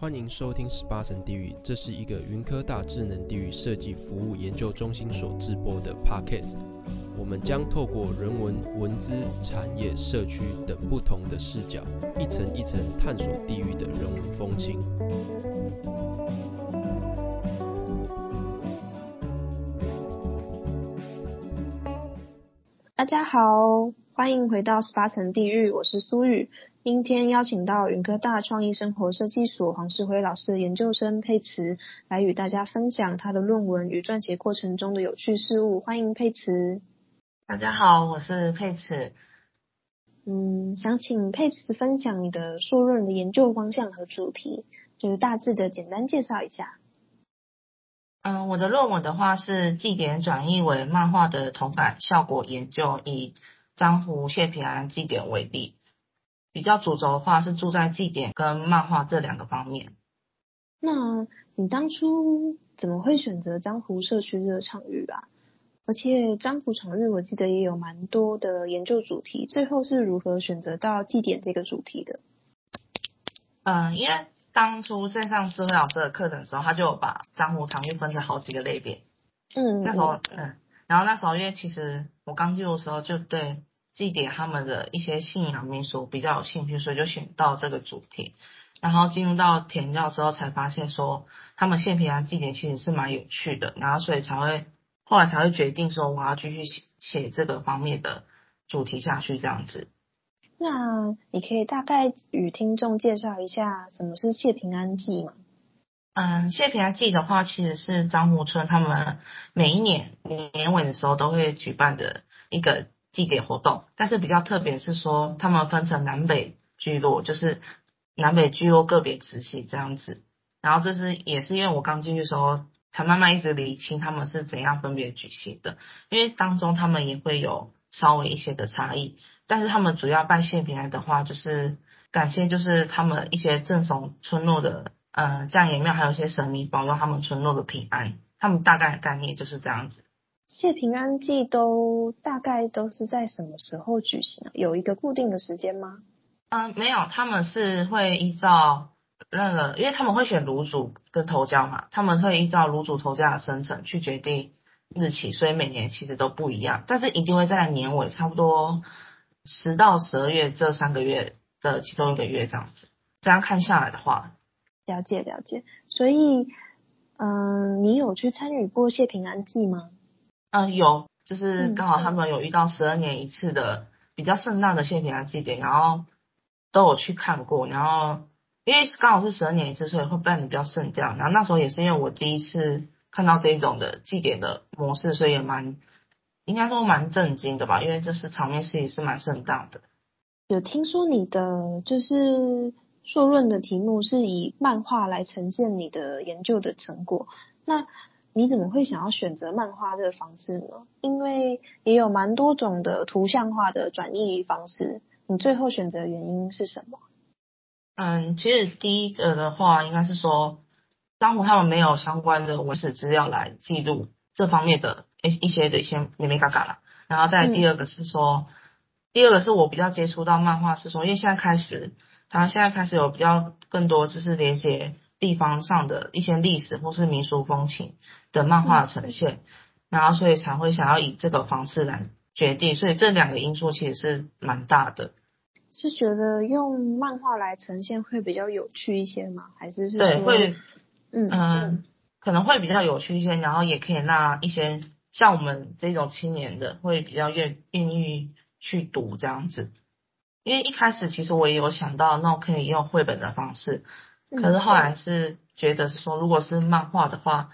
歡迎收聽《十八層地域》，這是一個雲科大智能地域設計服務研究中心所制播的 podcast。我們將透過人文、文資、產業、社區等不同的視角，一層一層探索地域的人文風情。大家好，歡迎回到《十八層地域》，我是蘇玉。今天邀請到雲科大創意生活設計所黃世輝老師研究生沛慈來與大家分享他的論文與撰寫過程中的有趣事物，歡迎沛慈。大家好，我是沛慈。嗯，想請沛慈分享你的碩論的研究方向和主題，就是大致的簡單介紹一下。嗯，我的論文的話是祭典轉譯為漫畫的同感效果研究，以樟湖謝平安祭典為例。比較主軸的話是住在祭典跟漫畫這兩個方面。那你當初怎麼會選擇樟湖社區這個場域啊？而且樟湖場域我記得也有蠻多的研究主題，最後是如何選擇到祭典這個主題的？嗯，因為當初在上世輝老師的課程的時候，他就把樟湖場域分成好幾個類別。嗯。那時候，嗯，然後那時候因為其實我剛進入的時候就對。祭典他們的一些信仰民俗比較有興趣，所以就選到這個主題，然後進入到田調之後才發現說，他們謝平安祭典其實是蠻有趣的，然後所以才會後來才會決定說我要繼續寫寫這個方面的主題下去這樣子。那你可以大概與聽眾介紹一下什麼是謝平安祭嗎？嗯，謝平安祭的話，其實是樟湖村他們每一年每年尾的時候都會舉辦的一個。祭典活動，但是比較特別是說，他們分成南北聚落，就是南北聚落個別支系這樣子。然後這是也是因為我剛進去的時候，才慢慢一直理清他們是怎樣分別舉行的，因為當中他們也會有稍微一些的差異。但是他們主要辦謝平安的話，就是感謝就是他們一些正統村落的呃降延廟，還有一些神明保佑他們村落的平安。他們大概的概念就是這樣子。謝平安祭都大概都是在什麼時候舉行？有一個固定的時間嗎？嗯、呃，沒有，他們是會依照那個，因為他們會選爐主跟頭家嘛，他們會依照爐主頭家的生辰去決定日期，所以每年其實都不一樣，但是一定會在年尾，差不多十到十二月這三個月的其中一個月這樣子。這樣看下來的話，了解了解。所以，嗯、呃，你有去參與過謝平安祭嗎？嗯、呃，有，就是剛好他們有遇到十二年一次的比較盛大的謝平安祭典，然後都有去看過，然後因為剛好是十二年一次，所以會辦的比較盛大。然後那時候也是因為我第一次看到這一種的祭典的模式，所以也蠻應該說蠻震驚的吧，因為就是場面是也是蠻盛大的。有聽說你的就是碩論的題目是以漫畫來呈現你的研究的成果，那。你怎麼會想要選擇漫畫這個方式呢？因為也有蠻多種的圖像化的轉移方式，你最後選擇原因是什麼？嗯，其實第一個的話，應該是說，樟湖他們沒有相關的文史資料來記錄這方面的一些，嗯，一些的一些咩咩嘎嘎啦。然後再第二個是說，第二個是我比較接觸到漫畫是說因為現在開始，他現在開始有比較更多就是連接地方上的一些歷史或是民俗風情。的漫畫呈現、嗯，然後所以才會想要以這個方式來決定，所以這兩個因素其實是蠻大的。是覺得用漫畫來呈現會比較有趣一些嗎？還是是說？對，會，嗯，嗯，嗯，可能會比較有趣一些，然後也可以讓一些像我們這種青年的會比較願願意去讀這樣子。因為一開始其實我也有想到，那我可以用繪本的方式、嗯，可是後來是覺得是說，如果是漫畫的話。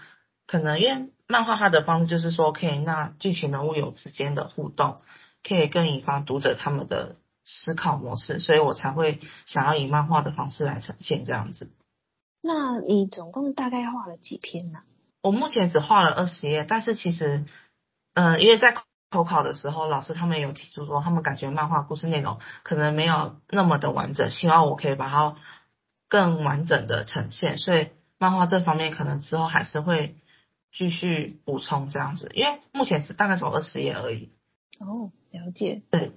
可能因為漫畫畫的方式就是說可以讓劇情人物有之間的互動，可以更引發讀者他們的思考模式，所以我才會想要以漫畫的方式來呈現這樣子。那你總共大概畫了幾篇呢？我目前只畫了二十頁，但是其實，嗯、呃，因為在口考的時候，老師他們有提出說，他們感覺漫畫故事內容可能沒有那麼的完整，希望我可以把它更完整的呈現，所以漫畫這方面可能之後還是會。繼續補充這樣子，因為目前是大概走二十頁而已。哦，了解。對，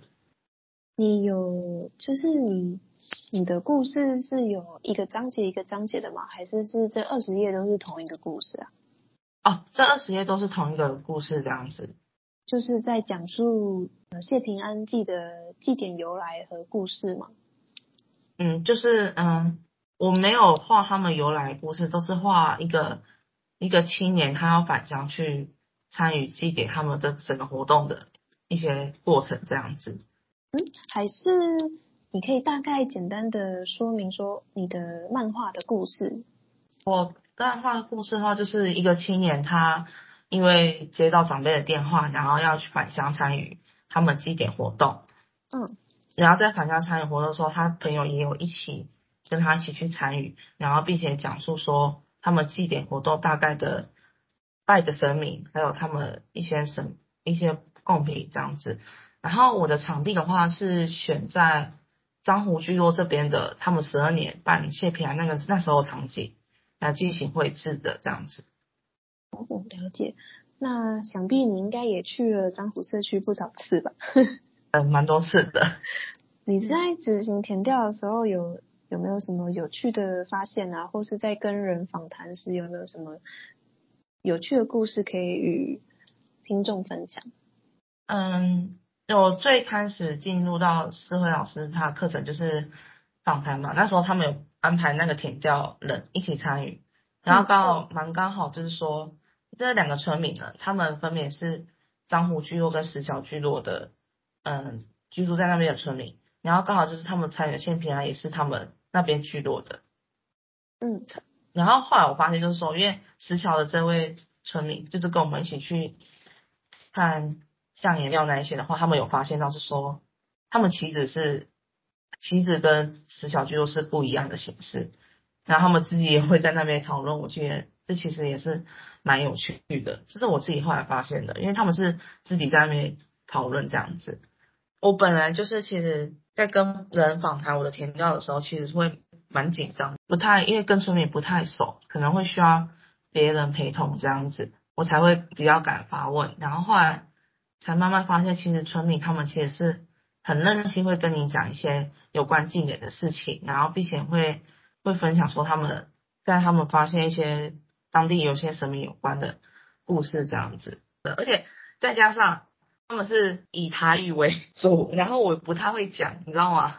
你有就是你你的故事是有一個章節一個章節的嗎？還是是這二十頁都是同一個故事啊？哦，這二十頁都是同一個故事這樣子。就是在講述《謝平安祭》的祭典由來和故事嗎？嗯，就是嗯、呃，我沒有畫他們由來的故事，都是畫一個。一個青年他要返鄉去參與祭典，他們這整個活動的一些過程這樣子。嗯，還是你可以大概簡單的說明說你的漫畫的故事。我漫畫的故事的話，就是一個青年他因為接到長輩的電話，然後要去返鄉參與他們祭典活動。嗯，然後在返鄉參與活動的時候，他朋友也有一起跟他一起去參與，然後並且講述說。他們祭典活動大概的拜的神明，還有他們一些神一些供品這樣子。然後我的場地的話是選在樟湖聚落這邊的，他們十二年辦謝平安那個那時候場景來進行繪製的這樣子。哦，了解。那想必你應該也去了樟湖社區不少次吧？ 嗯，蠻多次的。你在執行田調的時候有？有沒有什麼有趣的發現啊？或是在跟人訪談時有沒有什麼有趣的故事可以與聽眾分享？嗯，我最開始進入到世輝老師他課程就是訪談嘛，那時候他們有安排那個田調人一起參與，然後剛好蠻剛好就是說、嗯、這兩個村民呢，他們分別是樟湖聚落跟石橋聚落的，嗯，居住在那邊的村民，然後剛好就是他們參與的謝平安啊，也是他們。那邊聚落的，嗯，然後後來我發現就是說，因為石橋的這位村民就是跟我們一起去看像顏料那些的話，他們有發現到是說，他們旗子是旗子跟石橋聚落是不一樣的形式，然後他們自己也會在那邊討論，我覺得這其實也是蠻有趣的，這是我自己後來發現的，因為他們是自己在那邊討論這樣子，我本來就是其實。在跟人訪談我的田調的時候，其實是會蠻緊張，不太因為跟村民不太熟，可能會需要別人陪同這樣子，我才會比較敢發問。然後後來才慢慢發現，其實村民他們其實是很認真，會跟你講一些有關近點的事情，然後並且會會分享說他們在他們發現一些當地有些神明有關的故事這樣子。而且再加上。他們是以台語為主，然後我不太會講，你知道嗎？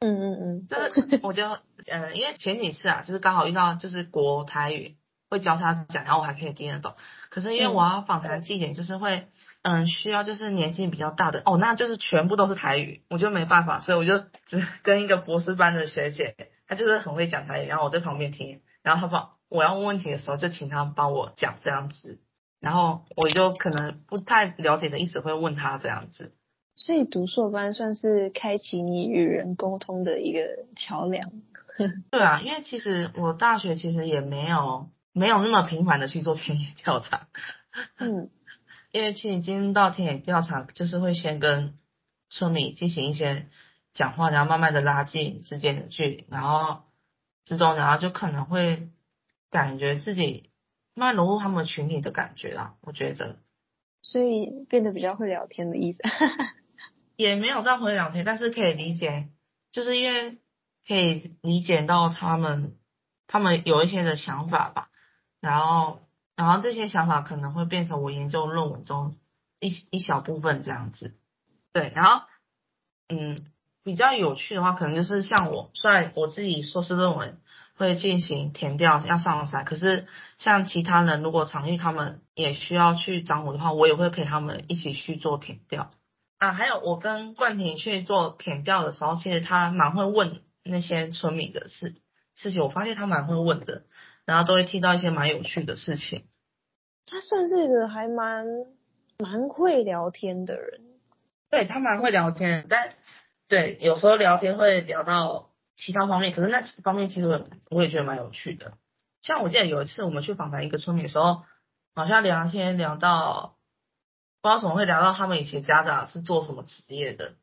嗯嗯嗯，就是我就嗯，因為前幾次啊，就是剛好遇到就是國台語會交叉講，然後我還可以聽得懂。可是因為我要訪談的祭典就是會嗯需要就是年紀比較大的，哦，那就是全部都是台語，我就沒辦法，所以我就只跟一個博士班的學姐，她就是很會講台語，然後我在旁邊聽，然後她說我要問問題的時候就請她幫我講這樣子。然後我就可能不太了解的意思，會問他這樣子。所以讀碩班算是開啟你與人溝通的一個橋樑。 對啊，因為其實我大學其實也沒有沒有那麼頻繁的去做田野調查。 嗯，因為其實已經到田野調查就是會先跟村民進行一些講話，然後慢慢的拉近之間的距離，然後之中然後就可能會感覺自己。慢融入他們群體的感覺啦，我覺得，所以變得比較會聊天的意思， 也沒有到會聊天，但是可以理解，就是因為可以理解到他們，他們有一些的想法吧，然後，然後這些想法可能會變成我研究論文中一一小部分這樣子，對，然後，嗯，比較有趣的話，可能就是像我，雖然我自己碩士論文。會進行田調，要上山。可是像其他人如果常玉他們也需要去樟湖的話，我也會陪他們一起去做田調啊。還有我跟冠廷去做田調的時候，其實他蠻會問那些村民的事事情，我發現他蠻會問的，然後都會聽到一些蠻有趣的事情。他算是一個還蠻蠻會聊天的人，對，他蠻會聊天，但對有時候聊天會聊到。其他方面，可是那方面其實我也，我也覺得蠻有趣的。像我記得有一次我們去訪談一個村民的時候，好像聊天聊到不知道怎麼會聊到他們以前家長是做什麼職業的，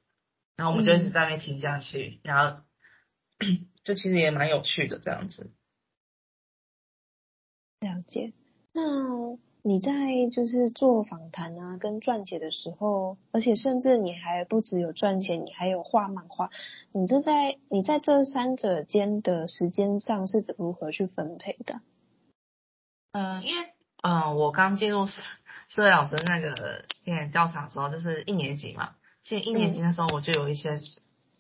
然後我們就一直在那邊聽下去，嗯、然後 就其實也蠻有趣的這樣子。了解，那、no.。你在就是做訪談啊，跟撰寫的時候，而且甚至你還不只有撰寫，你還有畫漫畫。你這在你在這三者間的時間上是如何去分配的？嗯、呃，因為嗯、呃，我剛進入世世輝老師那個調研調查的時候，就是一年級嘛。其實一年級的時候我就有一些、嗯、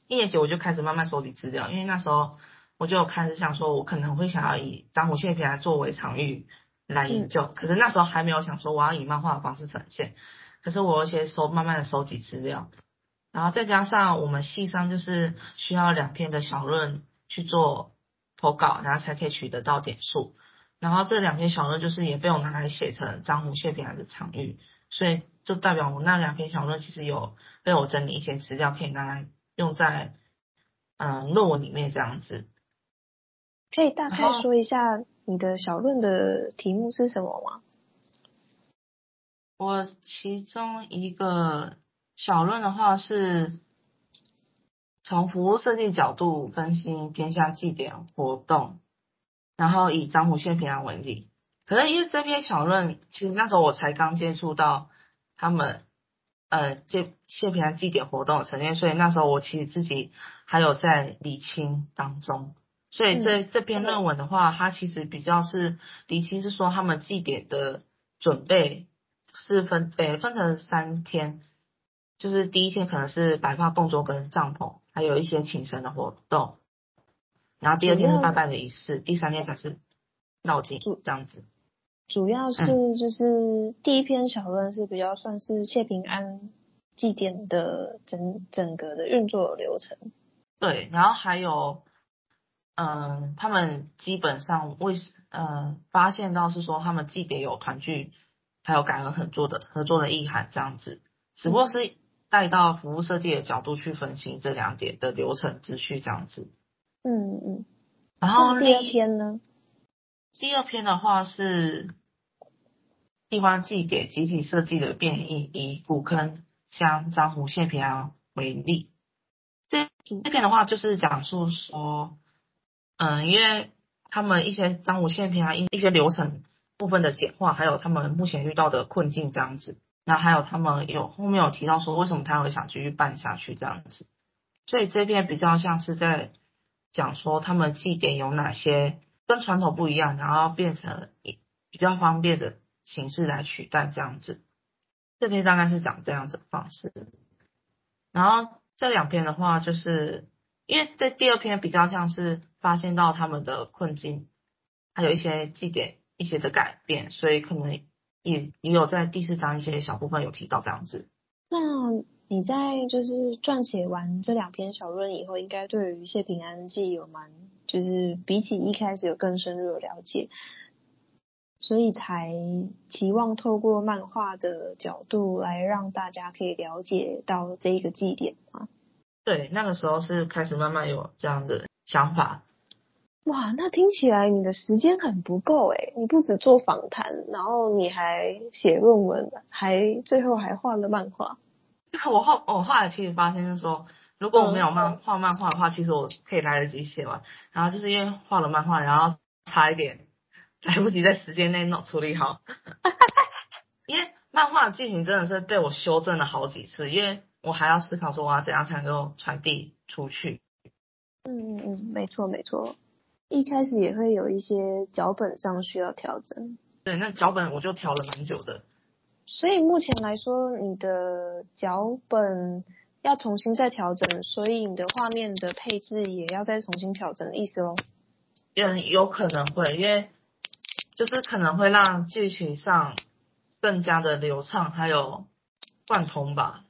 一年級我就開始慢慢收集資料，因為那時候我就開始想說，我可能會想要以樟湖謝平安來作為場域。來研究，可是那時候還沒有想說我要以漫畫的方式呈現，可是我先收慢慢的收集資料，然後再加上我們系上就是需要兩篇的小論去做投稿，然後才可以取得到點數，然後這兩篇小論就是也被我拿來寫成樟湖謝平安的場域，所以就代表我那兩篇小論其實有被我整理一些資料可以拿來用在嗯論文裡面這樣子。可以大概說一下你的小論的題目是什麼嗎？我其中一個小論的話是，從服務設計角度分析偏鄉祭典活動，然後以樟湖謝平安為例。可能因為這篇小論，其實那時候我才剛接觸到他們，呃，這謝平安祭典活動層面，所以那時候我其實自己還有在理清當中。所以這、嗯、這篇論文的話對對，它其實比較是，釐清是說他們祭典的準備是分，誒分成三天，就是第一天可能是擺放供桌跟帳篷，還有一些請神的活動，然後第二天是拜拜的儀式，第三天才是繞境這樣子。主要是就是第一篇小論是比較算是謝平安祭典的整整個的運作流程。對，然後還有。嗯，他們基本上為嗯發現到是說他們既得有團聚，還有感恩很多的合作的意涵這樣子，只不過是帶到服務設計的角度去分析這兩點的流程秩序這樣子。嗯嗯，嗯，然後第二篇呢？第二篇的話是地方祭典集體設計的變異，以古坑鄉樟湖謝平安為例。這這篇的話就是講述說。嗯，因為他們一些張無線片啊，一一些流程部分的簡化，還有他們目前遇到的困境這樣子，那還有他們有後面有提到說為什麼他會想繼續辦下去這樣子，所以這篇比較像是在講說他們祭典有哪些跟傳統不一樣，然後變成一比較方便的形式來取代這樣子，這篇大概是講這樣子的方式，然後這兩篇的話就是因為這第二篇比較像是。發現到他們的困境，還有一些祭典一些的改變，所以可能也也有在第四章一些小部分有提到這樣子。那你在就是撰寫完這兩篇小論以後，應該對於謝平安祭有蠻就是比起一開始有更深入的了解，所以才期望透過漫畫的角度來讓大家可以了解到這一個祭典啊。對，那個時候是開始慢慢有這樣的想法。哇，那聽起來你的時間很不夠誒、欸，你不只做訪談，然後你還寫論文，還最後還畫了漫畫。我畫我後來其實發現就是說，如果我沒有畫漫畫漫畫的話，其實我可以來得及寫完。然後就是因為畫了漫畫，然後差一點來不及在時間內弄處理好。 因為漫畫的劇情真的是被我修正了好幾次，因為我還要思考說我要怎樣才能夠傳遞出去。嗯嗯嗯，沒錯沒錯。一開始也會有一些腳本上需要調整，對，那腳本我就調了蠻久的。所以目前來說，你的腳本要重新再調整，所以你的畫面的配置也要再重新調整，的意思嘍？嗯，有可能會，因為就是可能會讓劇情上更加的流暢，還有貫通吧、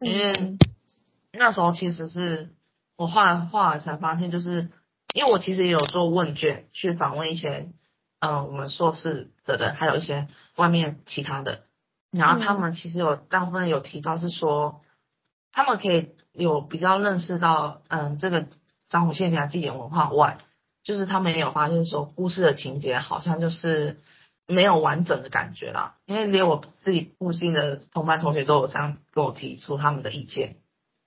嗯。因為那時候其實是我畫完畫才發現，就是。因為我其實也有做問卷去訪問一些，呃，我們碩士的人，還有一些外面其他的，然後他們其實有大部分有提到是說，他們可以有比較認識到，嗯、呃，這個樟湖社區的祭典文化外，就是他們也有發現說故事的情節好像就是沒有完整的感覺啦，因為連我自己附近的同班同學都有這樣跟我提出他們的意見。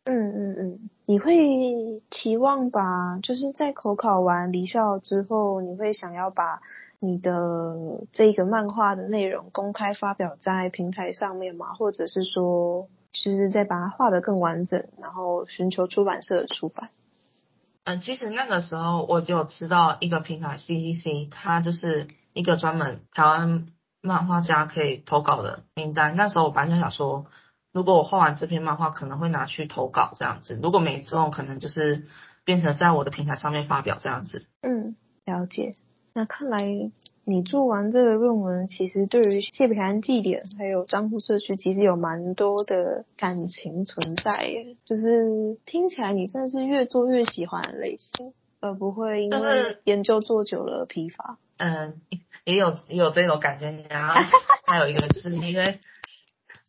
嗯嗯嗯。嗯你會期望吧，就是在口考完離校之後，你會想要把你的這個漫畫的內容公開發表在平台上面嗎？或者是說，就是再把它畫得更完整，然後尋求出版社的出版？嗯、呃，其實那個時候我就知道一個平台 CCC，它就是一個專門台灣漫畫家可以投稿的名單。那時候我本來就想說，如果我畫完這篇漫畫，可能會拿去投稿這樣子。如果沒中，可能就是變成在我的平台上面發表這樣子。嗯，了解。那看來你做完這個論文，其實對於謝平安祭典還有樟湖社區，其實有蠻多的感情存在耶。就是聽起來你算是越做越喜歡的類型，而不會因為研究做久了疲乏。嗯、就是呃，也有也有這種感覺。然後還有一個是因為。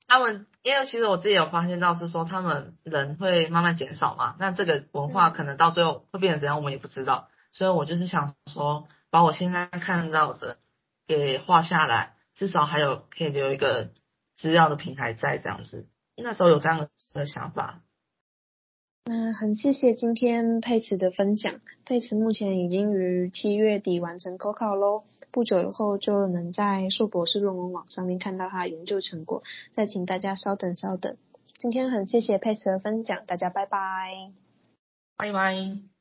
他們因為其實我自己有發現到是說他們人會慢慢減少嘛，那這個文化可能到最後會變成怎樣，我們也不知道。所以我就是想說，把我現在看到的給畫下來，至少還有可以留一個資料的平台在這樣子。那時候有這樣的的想法。嗯，很謝謝今天沛慈的分享。沛慈目前已經於七月底完成口考嘍，不久以後就能在碩博士論文網上面看到他研究成果。再請大家稍等稍等。今天很謝謝沛慈的分享，大家拜拜，拜拜。